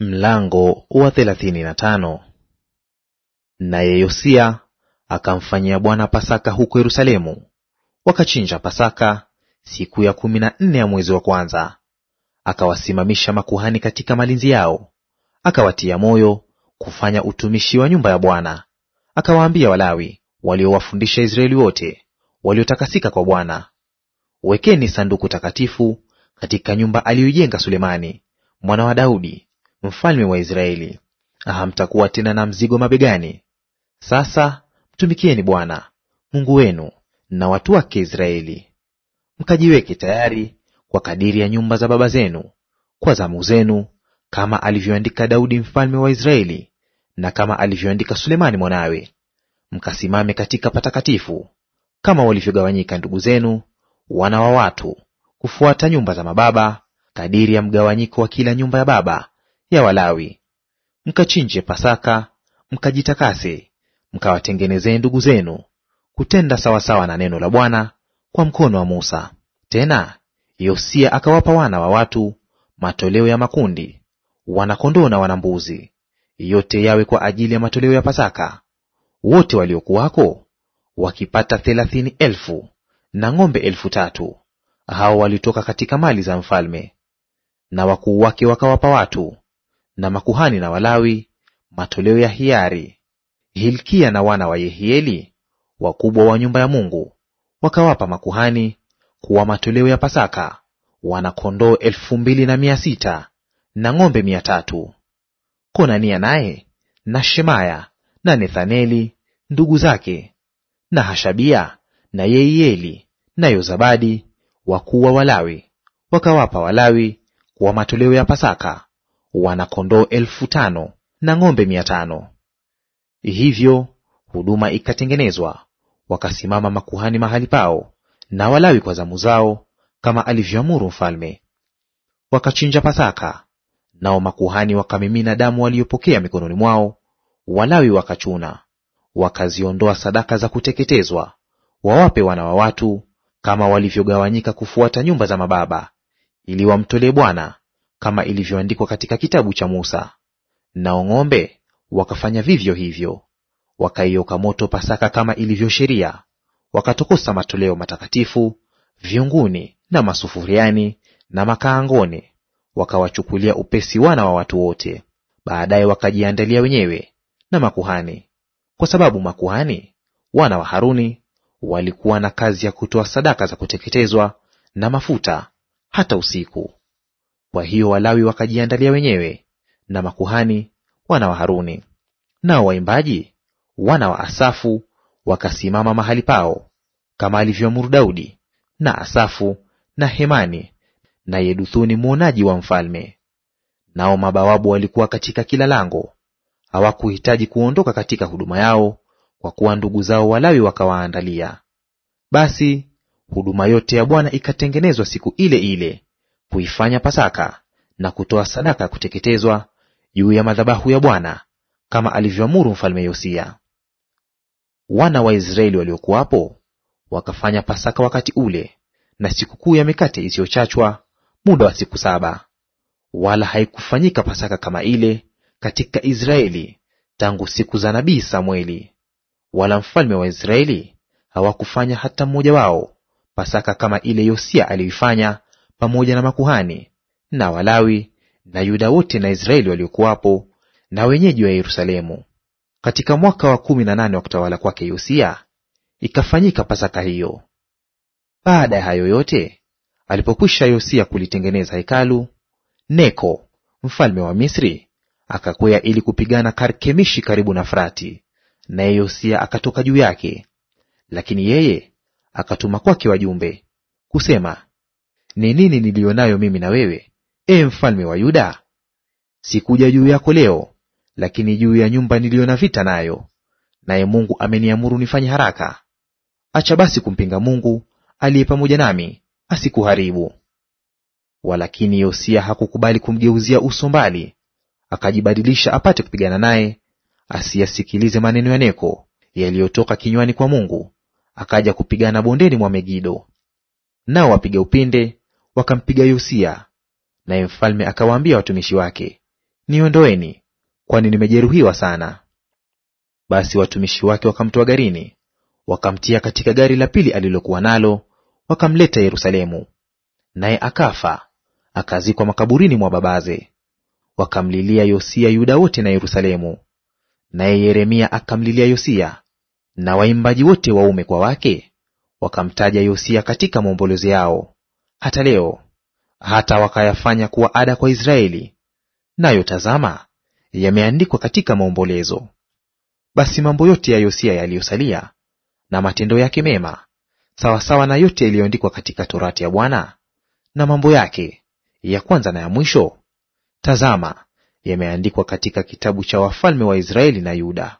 Mlango wa thelathini na tano. Naye Yosia akamfanyia Bwana Pasaka huko Yerusalemu, wakachinja Pasaka siku ya kumi na nne ya mwezi wa kwanza. Akawasimamisha makuhani katika malinzi yao, akawatia moyo kufanya utumishi wa nyumba ya Bwana. Akawaambia Walawi waliowafundisha Israeli wote waliotakasika kwa Bwana, wekeni sanduku takatifu katika nyumba aliyoijenga Sulemani mwana wa Daudi mfalme wa Israeli, hamtakuwa ah, tena na mzigo mabegani. Sasa mtumikieni Bwana Mungu wenu na watu wake Israeli, mkajiweke tayari kwa kadiri ya nyumba za baba zenu, kwa zamu zenu, kama alivyoandika Daudi mfalme wa Israeli na kama alivyoandika Sulemani mwanawe, mkasimame katika patakatifu kama walivyogawanyika ndugu zenu wana wa watu kufuata nyumba za mababa, kadiri ya mgawanyiko wa kila nyumba ya baba ya Walawi, mkachinje Pasaka, mkajitakase, mkawatengenezee ndugu zenu kutenda sawasawa na neno la Bwana kwa mkono wa Musa. Tena Yosia akawapa wana wa watu matoleo ya makundi, wanakondoo na wanambuzi, yote yawe kwa ajili ya matoleo ya Pasaka, wote waliokuwako wakipata thelathini elfu na ng'ombe elfu tatu. Hao walitoka katika mali za mfalme. Na wakuu wake wakawapa watu na makuhani na Walawi matoleo ya hiari. Hilkia na wana wa Yehieli wakubwa wa nyumba ya Mungu wakawapa makuhani kuwa matoleo ya Pasaka wana kondoo elfu mbili na mia sita na ng'ombe mia tatu. Konania naye na Shemaya na Nethaneli ndugu zake na Hashabia na Yeieli na Yozabadi wakuu wa Walawi wakawapa Walawi kuwa matoleo ya Pasaka wanakondoo elfu tano na ng'ombe mia tano. Hivyo huduma ikatengenezwa, wakasimama makuhani mahali pao na Walawi kwa zamu zao, kama alivyoamuru mfalme. Wakachinja Pasaka, nao makuhani wakamimina damu waliopokea mikononi mwao, Walawi wakachuna. Wakaziondoa sadaka za kuteketezwa wawape wana wa watu, kama walivyogawanyika kufuata nyumba za mababa, ili wamtolee Bwana kama ilivyoandikwa katika kitabu cha Musa. Nao ng'ombe wakafanya vivyo hivyo. Wakaioka moto Pasaka kama ilivyo sheria, wakatokosa matoleo matakatifu vyunguni na masufuriani na makaangoni, wakawachukulia upesi wana wa watu wote. Baadaye wakajiandalia wenyewe na makuhani, kwa sababu makuhani wana wa Haruni walikuwa na kazi ya kutoa sadaka za kuteketezwa na mafuta hata usiku. Kwa hiyo Walawi wakajiandalia wenyewe, na makuhani wana wa Haruni, nao waimbaji wana wa Asafu wakasimama mahali pao, kama alivyoamuru Daudi na Asafu na Hemani na Yeduthuni mwonaji wa mfalme. Nao mabawabu walikuwa katika kila lango, hawakuhitaji kuondoka katika huduma yao, kwa kuwa ndugu zao Walawi wakawaandalia. Basi huduma yote ya Bwana ikatengenezwa siku ile ile kuifanya Pasaka na kutoa sadaka ya kuteketezwa juu ya madhabahu ya Bwana kama alivyoamuru mfalme Yosia. Wana wa Israeli waliokuwapo wakafanya Pasaka wakati ule na sikukuu ya mikate isiyochachwa muda wa siku saba. Wala haikufanyika Pasaka kama ile katika Israeli tangu siku za nabii Samueli, wala mfalme wa Israeli hawakufanya hata mmoja wao Pasaka kama ile Yosia aliyoifanya pamoja na makuhani na Walawi na Yuda wote na Israeli waliokuwapo na wenyeji wa Yerusalemu. Katika mwaka wa kumi na nane wa kutawala kwake Yosia ikafanyika Pasaka hiyo. Baada ya hayo yote, alipokwisha Yosia kulitengeneza hekalu, Neko mfalme wa Misri akakwea ili kupigana Karkemishi karibu na Frati, naye Yosia akatoka juu yake. Lakini yeye akatuma kwake wajumbe kusema, ni nini niliyo nayo mimi na wewe, e mfalme wa Yuda? Sikuja juu yako leo, lakini juu ya nyumba niliyo na vita nayo, naye Mungu ameniamuru nifanye haraka. Acha basi kumpinga Mungu aliye pamoja nami, asikuharibu. Walakini Yosia hakukubali kumgeuzia uso mbali, akajibadilisha apate kupigana naye, asiyasikilize maneno ya Neko yaliyotoka kinywani kwa Mungu, akaja kupigana bondeni mwa Megido. Nao wapiga upinde wakampiga Yosia. Naye mfalme akawaambia watumishi wake, niondoeni, kwani nimejeruhiwa sana. Basi watumishi wake wakamtoa garini, wakamtia katika gari la pili alilokuwa nalo, wakamleta Yerusalemu. Naye akafa, akazikwa makaburini mwa babaze. Wakamlilia Yosia Yuda wote na Yerusalemu. Naye Yeremia akamlilia Yosia, na waimbaji wote waume kwa wake wakamtaja Yosia katika maombolezo yao hata leo, hata wakayafanya kuwa ada kwa Israeli, nayo tazama, yameandikwa katika maombolezo. Basi mambo yote ya Yosia yaliyosalia na matendo yake mema, sawasawa na yote yaliyoandikwa katika torati ya Bwana na mambo yake ya kwanza na ya mwisho, tazama, yameandikwa katika kitabu cha wafalme wa Israeli na Yuda.